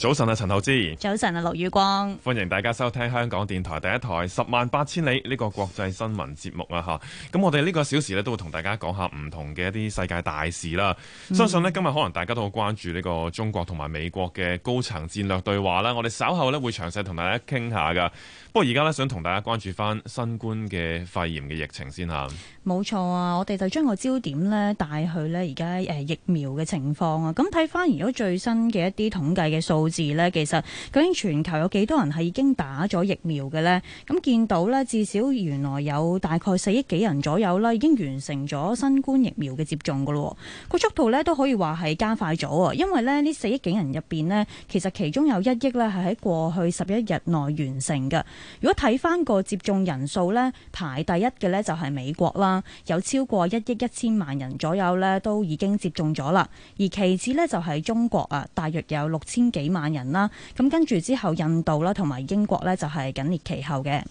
早晨啊，陳浩之。早晨啊，劉宇光。歡迎大家收聽香港電台第一台《十萬八千里》呢個國際新聞節目啊，吓。咁我哋呢個小時呢，都會同大家講下唔同嘅一啲世界大事啦。相信呢，今日可能大家都好關注呢個中國同埋美國嘅高層戰略對話啦。我哋稍後呢，會詳細同大家傾下噶。不過而家咧，想同大家關注返新冠嘅肺炎嘅疫情先嚇。冇錯啊，我哋就將個焦點呢帶去呢而家誒疫苗嘅情況啊。咁睇返而家最新嘅一啲統計嘅數字呢，其實究竟全球有幾多人係已經打咗疫苗嘅呢？咁見到呢，至少原來有大概四億幾人左右啦，已經完成咗新冠疫苗嘅接種㗎咯。個速度呢都可以話係加快咗啊，因為呢，呢四億幾人入面呢，其實其中有一億呢係喺過去十一日內完成嘅。如果睇翻個接種人數咧，排第一嘅咧就係美國啦，有超過一億一千萬人左右咧都已經接種咗啦。而其次咧就係中國啊，大約有六千幾萬人啦。咁跟住之後，印度啦同埋英國咧就係緊列其後嘅。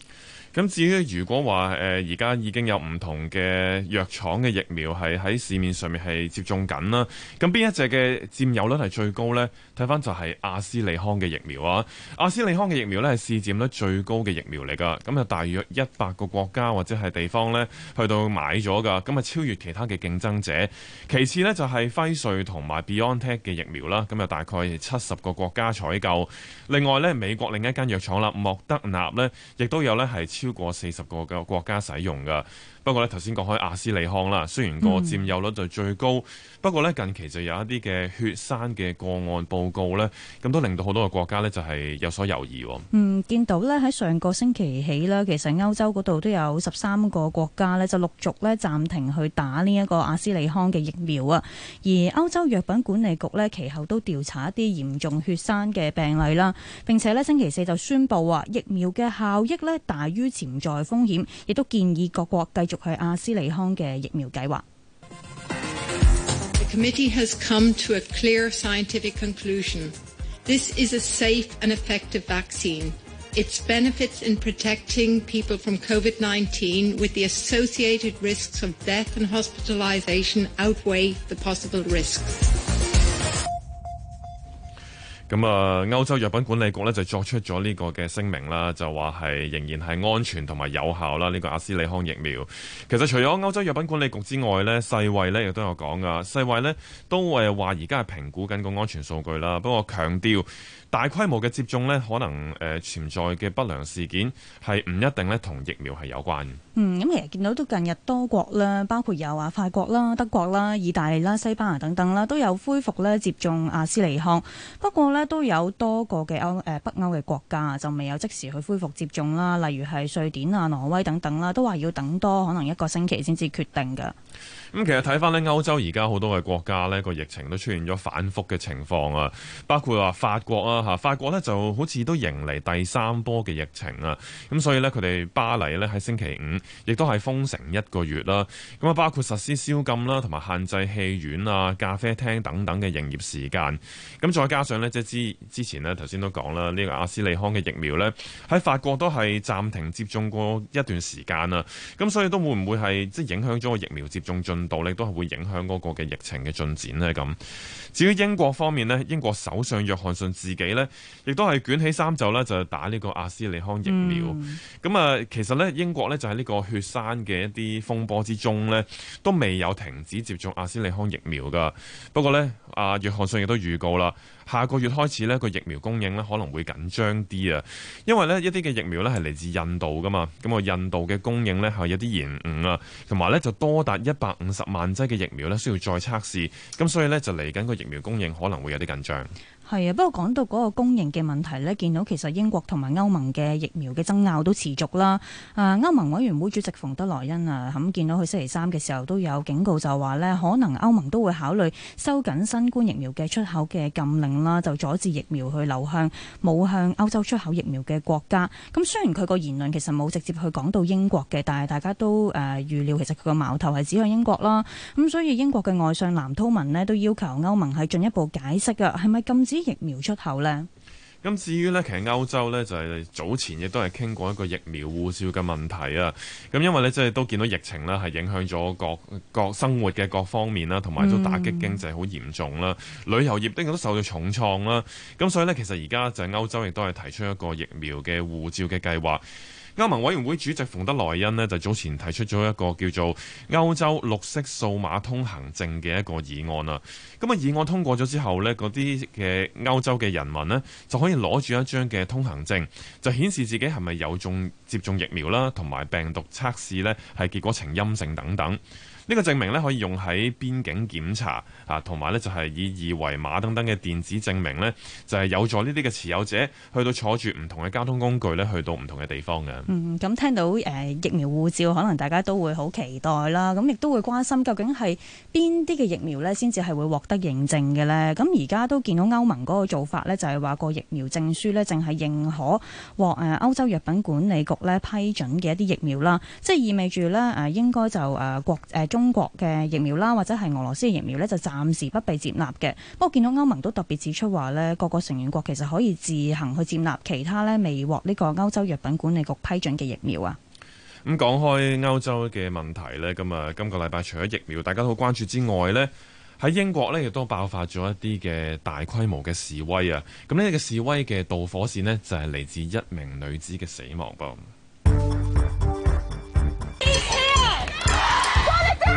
咁至於如果話誒而家已經有唔同嘅藥廠嘅疫苗係喺市面上面係接種緊啦，咁邊一隻嘅佔有率係最高呢？睇翻就係阿斯利康嘅疫苗啊。阿斯利康嘅疫苗呢係市佔率最高嘅疫苗嚟㗎，咁就大約一百個國家或者係地方呢去到買咗㗎，咁啊超越其他嘅競爭者。其次呢就係、是、輝瑞同埋 BioNTech 嘅疫苗啦，咁啊大概七十個國家採購。另外呢，美國另一間藥廠啦，莫德納呢亦都有呢係。超過四十個嘅國家使用噶。不過咧，頭先講開阿斯利康啦，雖然個佔有率就最高，嗯、不過咧近期就有一啲嘅血栓嘅個案報告呢，咁都令到好多嘅國家呢就係、是、有所猶疑。嗯，見到呢，喺上個星期起呢，其實歐洲嗰度都有十三個國家呢就陸續呢暫停去打呢一個阿斯利康嘅疫苗啊。而歐洲藥品管理局呢，其後都調查一啲嚴重血栓嘅病例啦、啊。並且呢，星期四就宣布話疫苗嘅效益呢大於潛在風險，亦都建議各國繼續。係阿斯利康嘅疫苗計劃。The committee has come to a clear scientific conclusion. This is a safe and effective vaccine. Its benefits in protecting people from COVID-19 with the associated risks of death and hospitalization outweigh the possible risks. 咁啊，歐洲藥品管理局咧就作出咗呢個嘅聲明啦，就話係仍然係安全同埋有效啦。呢個阿斯利康疫苗其實除咗歐洲藥品管理局之外呢，世衛呢亦都有講噶，世衛呢都誒話而家係評估緊個安全數據啦，不過強調。大規模嘅接種呢，可能誒潛在嘅不良事件係唔一定呢，同疫苗係有關嘅。嗯，咁其實見到都近日多國啦，包括有啊法國啦、德國啦、意大利啦、西班牙等等啦，都有恢復呢接種阿斯利康。不過呢，都有多個嘅歐誒北歐嘅國家就未有即時去恢復接種啦，例如係瑞典啊、挪威等等啦，都話要等多可能一個星期先至決定㗎。咁其實睇返呢，歐洲而家好多嘅國家呢，個疫情都出現咗反覆嘅情況啊，包括話法國啊。法國呢就好似都迎嚟第三波嘅疫情啊，咁所以呢，佢哋巴黎呢喺星期五亦都係封城一個月啦，咁啊包括實施宵禁啦，同埋限制戲院啊、咖啡廳等等嘅營業時間。咁再加上呢，即係之之前呢頭先都講啦，呢、呢個阿斯利康嘅疫苗呢喺法國都係暫停接種過一段時間啊，咁所以都會唔會係即係影響咗個疫苗接種進度呢，都係會影響嗰個嘅疫情嘅進展呢？咁。至於英國方面呢，英國首相約翰遜自己。咧亦都係捲起衫袖咧，就打呢個阿斯利康疫苗。咁啊，其實咧英國咧就喺呢個血栓嘅一啲風波之中咧，都未有停止接種阿斯利康疫苗噶。不過咧，阿約翰遜亦都預告啦。下個月開始，呢個疫苗供應咧可能會緊張啲啊！因為呢一啲嘅疫苗咧係嚟自印度噶嘛，咁個印度嘅供應咧係有啲延誤啊，同埋呢就多達一百五十萬劑嘅疫苗咧需要再測試，咁所以呢，就嚟緊個疫苗供應可能會有啲緊張。係啊，不過講到嗰個供應嘅問題呢，見到其實英國同埋歐盟嘅疫苗嘅爭拗都持續啦。啊，歐盟委員會主席馮德萊恩啊，咁見到佢星期三嘅時候都有警告就，就話呢可能歐盟都會考慮收緊新冠疫苗嘅出口嘅禁令。啦，就阻止疫苗去流向冇向歐洲出口疫苗嘅國家。咁雖然佢個言論其實冇直接去講到英國嘅，但係大家都誒預料，其實佢個矛頭係指向英國啦。咁所以英國嘅外相藍韜文咧都要求歐盟係進一步解釋嘅，係咪禁止疫苗出口咧？咁至於呢，其實歐洲呢，就係、是、早前亦都係傾過一個疫苗護照嘅問題啊。咁因為呢，即係都見到疫情啦，係影響咗各各生活嘅各方面啦、啊，同埋都打擊經濟好嚴重啦、啊。嗯、旅遊業都受到重創啦、啊。咁所以呢，其實而家就係歐洲亦都係提出一個疫苗嘅護照嘅計劃。歐盟委員會主席馮德萊恩呢，就早前提出咗一個叫做歐洲綠色數碼通行證嘅一個議案啦。咁啊議案通過咗之後呢，嗰啲嘅歐洲嘅人民呢，就可以攞住一張嘅通行證，就顯示自己係咪有中接種疫苗啦，同埋病毒測試呢，係結果呈陰性等等。呢個證明咧可以用喺邊境檢查啊，同埋咧就係以二維碼等等嘅電子證明咧，就係、是、有助呢啲嘅持有者去到坐住唔同嘅交通工具咧，去到唔同嘅地方嘅。嗯，咁聽到誒、呃、疫苗護照，可能大家都會好期待啦，咁亦都會關心究竟係邊啲嘅疫苗咧，先至係會獲得認證嘅呢。咁而家都見到歐盟嗰個做法呢，就係話個疫苗證書咧，淨係認可獲誒歐洲藥品管理局咧批准嘅一啲疫苗啦，即、就、係、是、意味住呢誒應該就誒國誒中，中國嘅疫苗啦，或者係俄羅斯嘅疫苗呢，就暫時不被接納嘅。不過見到歐盟都特別指出話呢各個成員國其實可以自行去接納其他咧未獲呢個歐洲藥品管理局批准嘅疫苗啊。咁講，嗯，講開歐洲嘅問題呢，咁啊，今個禮拜除咗疫苗大家都好關注之外呢，喺英國呢亦都爆發咗一啲嘅大規模嘅示威啊。咁呢個示威嘅導火線呢，就係嚟自一名女子嘅死亡噃。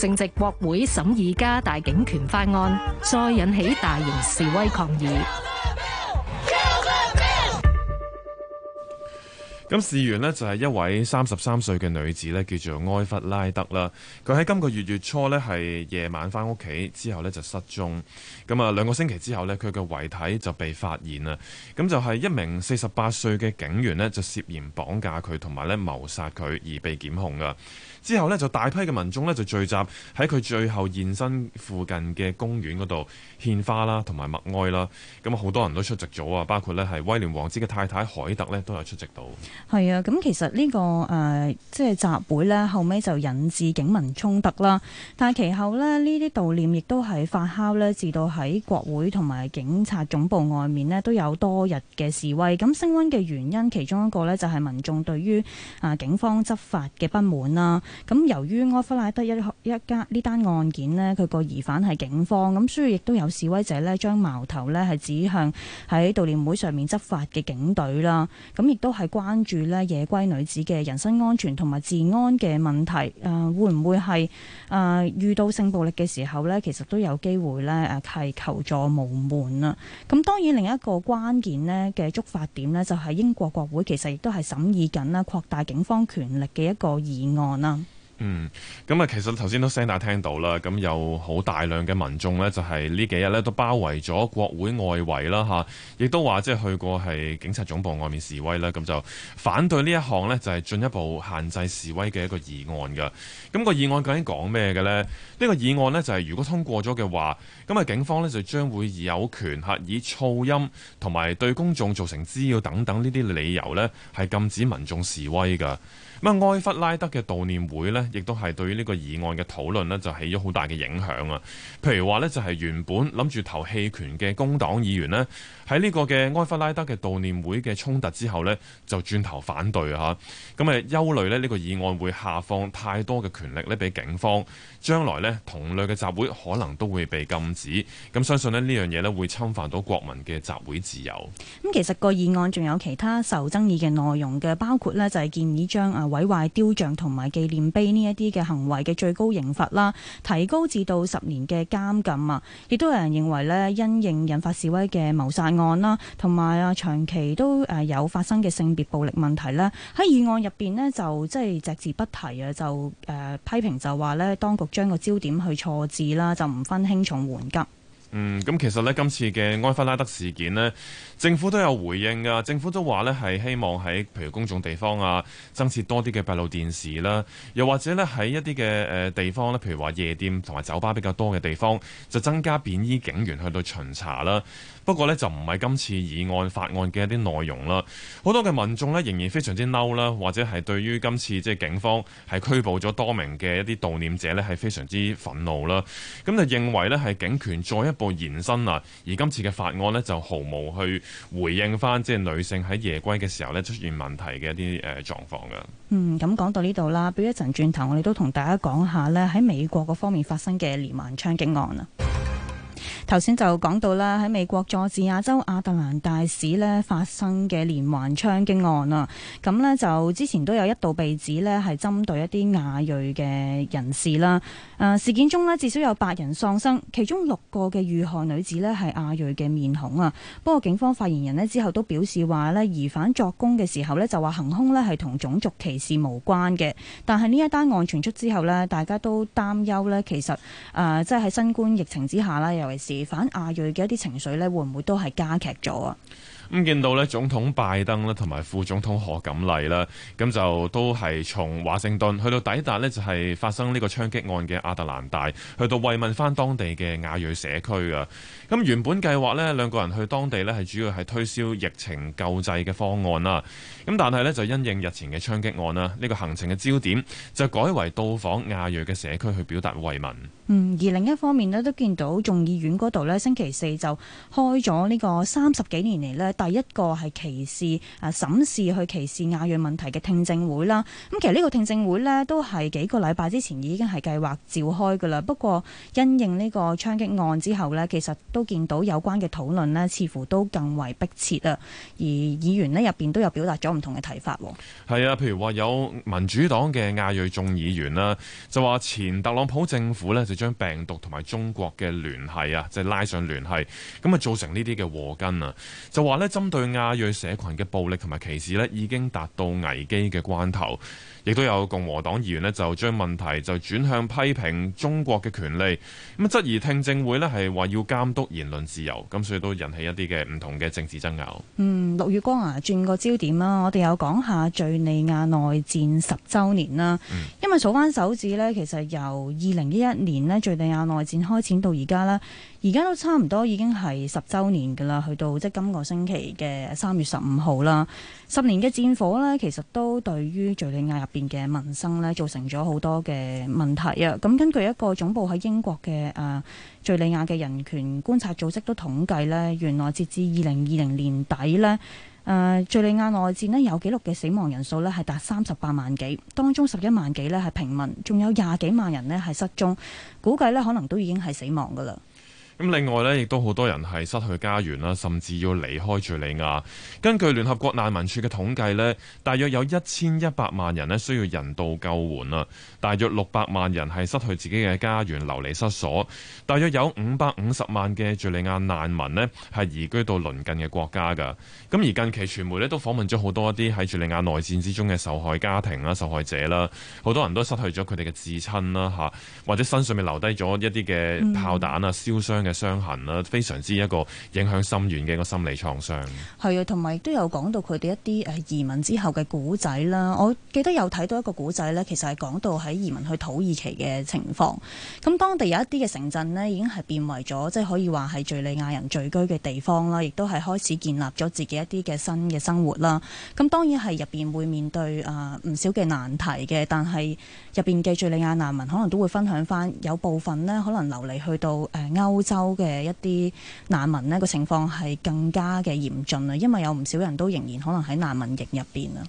正值國會審議加大警權法案，再引起大型示威抗議。咁事緣呢，就係一位三十三歲嘅女子咧，叫做埃弗拉德啦。佢喺今個月月初呢，係夜晚翻屋企之後呢就失蹤。咁啊，兩個星期之後呢，佢嘅遺體就被發現啦。咁就係、是、一名四十八歲嘅警員呢，就涉嫌綁架佢同埋咧謀殺佢而被檢控噶。之後呢，就大批嘅民眾呢，就聚集喺佢最後現身附近嘅公園嗰度獻花啦，同埋默哀啦。咁好多人都出席咗啊，包括呢係威廉王子嘅太太凱特呢，都有出席到。係啊，咁其實呢個誒即係集會呢，後尾就引致警民衝突啦。但係其後呢，呢啲悼念亦都係發酵呢，至到喺國會同埋警察總部外面呢，都有多日嘅示威。咁升溫嘅原因其中一個呢，就係民眾對於啊警方執法嘅不滿啦。咁由於埃弗拉德一一家呢單案件呢，佢個疑犯係警方，咁所以亦都有示威者呢將矛頭呢係指向喺悼念會上面執法嘅警隊啦。咁亦都係關注呢夜歸女子嘅人身安全同埋治安嘅問題。誒會唔會係誒遇到性暴力嘅時候呢，其實都有機會呢誒係求助無門啊。咁當然另一個關鍵呢嘅觸發點呢，就係英國國會其實亦都係審議緊啦擴大警方權力嘅一個議案啊。嗯，咁啊，其實頭先都聲大聽到啦，咁有好大量嘅民眾呢，就係呢幾日呢都包圍咗國會外圍啦嚇，亦都話即係去過係警察總部外面示威啦，咁就反對呢一項呢，就係進一步限制示威嘅一個議案㗎。咁個議案究竟講咩嘅呢？呢個議案呢，就係如果通過咗嘅話，咁啊警方呢，就將會有權嚇，以噪音同埋對公眾造成滋擾等等呢啲理由呢，係禁止民眾示威㗎。咁埃弗拉德嘅悼念會呢，亦都係對於呢個議案嘅討論呢，就起咗好大嘅影響啊！譬如話呢，就係原本諗住投棄權嘅工黨議員呢，喺呢個嘅埃弗拉德嘅悼念會嘅衝突之後呢，就轉頭反對啊！咁啊憂慮呢呢個議案會下放太多嘅權力呢，俾警方，將來呢，同類嘅集會可能都會被禁止。咁相信呢呢樣嘢呢，會侵犯到國民嘅集會自由。咁其實這個議案仲有其他受爭議嘅內容嘅，包括呢，就係建議將啊毀壞雕像同埋紀念碑呢一啲嘅行為嘅最高刑罰啦，提高至到十年嘅監禁啊！亦都有人認為呢，因應引發示威嘅謀殺案啦，同埋啊長期都誒有發生嘅性別暴力問題咧，喺議案入邊呢，就即係隻字不提啊！就誒、呃、批評就話呢，當局將個焦點去錯置啦，就唔分輕重緩急。嗯，咁其實呢，今次嘅埃弗拉德事件呢，政府都有回應㗎。政府都話呢，係希望喺譬如公眾地方啊，增設多啲嘅閉路電視啦，又或者呢，喺一啲嘅、呃、地方呢，譬如話夜店同埋酒吧比較多嘅地方，就增加便衣警員去到巡查啦。不過呢，就唔係今次議案法案嘅一啲內容啦。好多嘅民眾呢，仍然非常之嬲啦，或者係對於今次即係警方係拘捕咗多名嘅一啲悼念者呢，係非常之憤怒啦。咁就認為呢，係警權再一步延伸喇！而今次嘅法案呢，就毫無去回應翻，即係女性喺夜歸嘅時候呢，出現問題嘅一啲誒狀況㗎。嗯，咁講到呢度啦，俾一陣轉頭，我哋都同大家講下呢，喺美國嗰方面發生嘅連環槍擊案啦。頭先就講到啦，喺美國佐治亞州亞特蘭大市呢，發生嘅連環槍擊案啊，咁呢，就之前都有一度被指呢，係針對一啲亞裔嘅人士啦。誒、呃、事件中呢，至少有八人喪生，其中六個嘅遇害女子呢，係亞裔嘅面孔啊。不過警方發言人呢，之後都表示話呢，疑犯作供嘅時候呢，就話行凶呢，係同種族歧視無關嘅。但係呢一單案傳出之後呢，大家都擔憂呢，其實誒即係喺新冠疫情之下啦，尤其是。反亞裔嘅一啲情緒呢，會唔會都係加劇咗啊？咁見到咧，總統拜登同埋副總統何錦麗啦，咁就都係從華盛頓去到抵達呢就係發生呢個槍擊案嘅亞特蘭大，去到慰問翻當地嘅亞裔社區啊。咁原本計劃呢，兩個人去當地呢係主要係推銷疫情救濟嘅方案啦。咁但係呢，就因應日前嘅槍擊案啦，呢個行程嘅焦點就改為到訪亞裔嘅社區去表達慰問。嗯，而另一方面呢，都見到眾議院嗰度呢，星期四就開咗呢個三十幾年嚟呢第一個係歧視啊，審視去歧視亞裔問題嘅聽證會啦。咁其實呢個聽證會呢，都係幾個禮拜之前已經係計劃召開噶啦。不過因應呢個槍擊案之後呢，其實都見到有關嘅討論呢，似乎都更為迫切啊。而議員呢，入邊都有表達咗唔同嘅睇法。係啊，譬如話有民主黨嘅亞裔眾議員啦，就話前特朗普政府呢，就將病毒同埋中國嘅聯繫啊，即係拉上聯繫，咁啊造成呢啲嘅禍根啊，就話咧。針對亞裔社群嘅暴力同埋歧視呢，已經達到危機嘅關頭，亦都有共和黨議員呢，就將問題就轉向批評中國嘅權利，咁質疑聽證會呢，係話要監督言論自由，咁所以都引起一啲嘅唔同嘅政治爭拗。嗯，六月光啊，轉個焦點啦，我哋有講下敍利亞內戰十週年啦，嗯，因為數翻手指呢，其實由二零一一年呢，敍利亞內戰開始到而家咧，而家都差唔多已經係十週年噶啦，去到即係今個星期嘅三月十五號啦，十年嘅戰火咧，其實都對於敘利亞入邊嘅民生咧，造成咗好多嘅問題啊！咁根據一個總部喺英國嘅誒敘利亞嘅人權觀察組織都統計咧，原來截至二零二零年底咧，誒、呃、敘利亞內戰咧有記錄嘅死亡人數咧係達三十八萬幾，當中十一萬幾咧係平民，仲有廿幾萬人咧係失蹤，估計咧可能都已經係死亡噶啦。咁另外咧，亦都好多人係失去家園啦，甚至要離開敘利亞。根據聯合國難民署嘅統計咧，大約有一千一百萬人咧需要人道救援啊！大約六百萬人係失去自己嘅家園，流離失所。大約有五百五十萬嘅敘利亞難民咧係移居到鄰近嘅國家㗎。咁而近期傳媒咧都訪問咗好多一啲喺敘利亞內戰之中嘅受害家庭啦、受害者啦，好多人都失去咗佢哋嘅至親啦吓或者身上面留低咗一啲嘅炮彈啊、燒傷嘅。嘅傷痕啦，非常之一個影響深遠嘅一個心理創傷。係啊，同埋亦都有講到佢哋一啲誒移民之後嘅古仔啦。我記得有睇到一個古仔呢，其實係講到喺移民去土耳其嘅情況。咁當地有一啲嘅城鎮呢，已經係變為咗即係可以話係敍利亞人聚居嘅地方啦，亦都係開始建立咗自己一啲嘅新嘅生活啦。咁當然係入邊會面對誒唔少嘅難題嘅，但係入邊嘅敍利亞難民可能都會分享翻，有部分呢，可能流離去到誒歐洲。歐嘅一啲難民呢個情況係更加嘅嚴峻啦，因為有唔少人都仍然可能喺難民營入邊啊。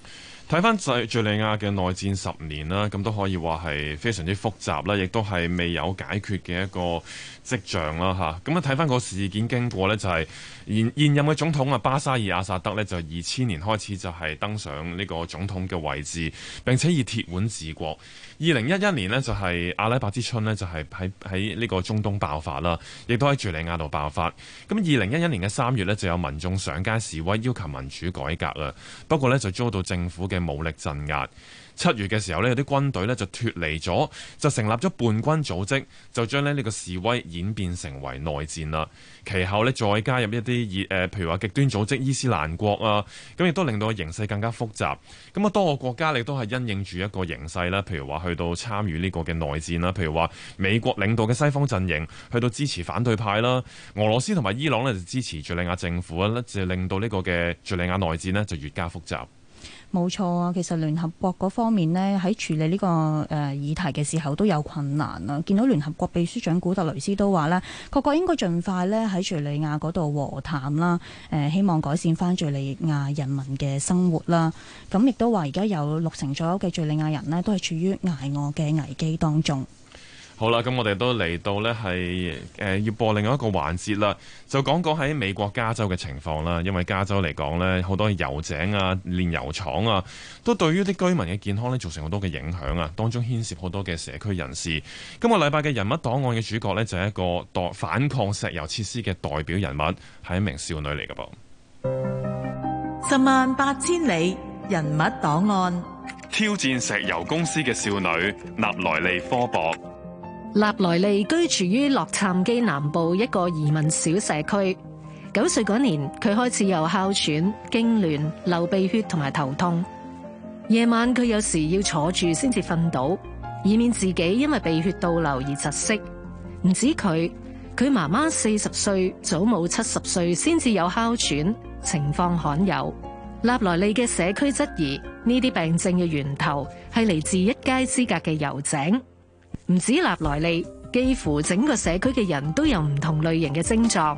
睇翻敘利亞嘅內戰十年啦，咁都可以話係非常之複雜啦，亦都係未有解決嘅一個跡象啦，吓。咁啊，睇翻個事件經過呢，就係、是、現現任嘅總統啊巴沙爾阿薩德呢，就二千年開始就係登上呢個總統嘅位置，並且以鐵腕治國。二零一一年呢就係阿拉伯之春呢就係喺喺呢個中東爆發啦，亦都喺敘利亞度爆發。咁二零一一年嘅三月呢，就有民眾上街示威，要求民主改革啊。不過呢，就遭到政府嘅武力鎮壓。七月嘅時候呢，有啲軍隊呢就脫離咗，就成立咗叛軍組織，就將呢呢個示威演變成為內戰啦。其後呢，再加入一啲熱誒，譬如話極端組織伊斯蘭國啊，咁亦都令到個形勢更加複雜。咁啊，多個國家亦都係因應住一個形勢啦，譬如話去到參與呢個嘅內戰啦，譬如話美國領導嘅西方陣營去到支持反對派啦，俄羅斯同埋伊朗呢就支持敍利亞政府啊，就令到呢個嘅敍利亞內戰呢就越加複雜。冇錯啊，其實聯合國嗰方面呢，喺處理呢個誒議題嘅時候都有困難啊。見到聯合國秘書長古特雷斯都話咧，各國應該盡快呢喺敘利亞嗰度和談啦，誒希望改善翻敘利亞人民嘅生活啦。咁亦都話而家有六成左右嘅敘利亞人呢，都係處於挨餓嘅危機當中。好啦，咁我哋都嚟到呢，係誒、呃、要播另外一個環節啦。就講講喺美國加州嘅情況啦。因為加州嚟講呢，好多油井啊、煉油廠啊，都對於啲居民嘅健康呢，造成好多嘅影響啊。當中牽涉好多嘅社區人士。今、那個禮拜嘅人物檔案嘅主角呢，就係、是、一個代反抗石油設施嘅代表人物，係一名少女嚟㗎噃。十萬八千里人物檔案，挑戰石油公司嘅少女，納萊利科博。納萊利居住於洛杉磯南部一個移民小社區。九歲嗰年，佢開始有哮喘、痙攣、流鼻血同埋頭痛。夜晚佢有時要坐住先至瞓到，以免自己因為鼻血倒流而窒息。唔止佢，佢媽媽四十歲，祖母七十歲先至有哮喘，情況罕有。納萊利嘅社區質疑呢啲病症嘅源頭係嚟自一街之隔嘅油井。唔止納萊利，幾乎整個社區嘅人都有唔同類型嘅症狀。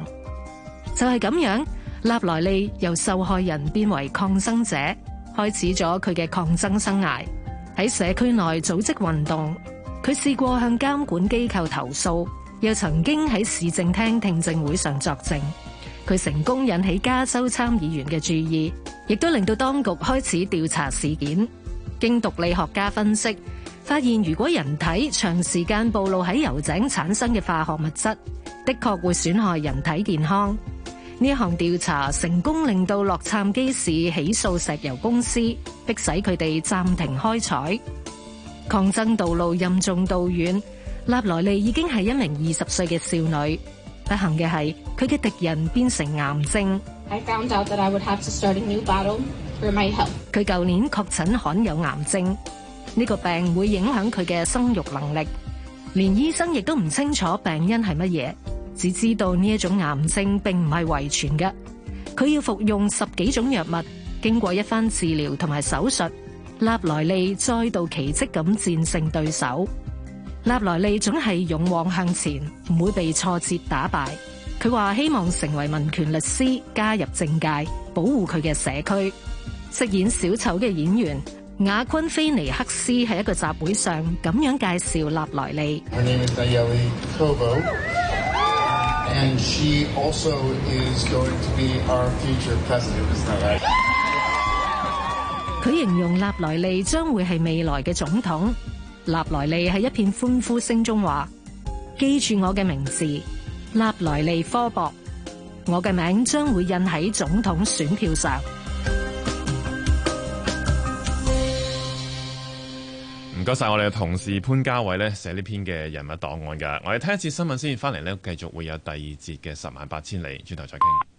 就係咁樣，納萊利由受害人變為抗爭者，開始咗佢嘅抗爭生涯。喺社區內組織運動，佢試過向監管機構投訴，又曾經喺市政廳聽證會上作證。佢成功引起加州參議員嘅注意，亦都令到當局開始調查事件。經毒理學家分析，發現如果人體長時間暴露喺油井產生嘅化學物質，的確會損害人體健康。呢一項調查成功令到洛杉磯市起訴石油公司，迫使佢哋暫停開採。抗爭道路任重道遠，納萊利已經係一名二十歲嘅少女。不幸嘅係，佢嘅敵人變成癌症。I found out that I would have to start a new battle for my health。佢舊年確診罕有癌症。呢個病會影響佢嘅生育能力，連醫生亦都唔清楚病因係乜嘢，只知道呢一種癌症並唔係遺傳嘅。佢要服用十幾種藥物，經過一番治療同埋手術，納萊利再度奇蹟咁戰勝對手。納萊利總係勇往向前，唔會被挫折打敗。佢話希望成為民權律師，加入政界，保護佢嘅社區。飾演小丑嘅演員。亞昆菲尼克斯喺一個集會上咁樣介紹納萊利。佢形容納萊利將會係未來嘅總統。納萊利喺一片歡呼聲中話：記住我嘅名字，納萊利科博，我嘅名將會印喺總統選票上。唔該晒我哋嘅同事潘家偉咧寫呢篇嘅人物檔案㗎。我哋聽一次新聞先，翻嚟咧繼續會有第二節嘅十萬八千里，轉頭再傾。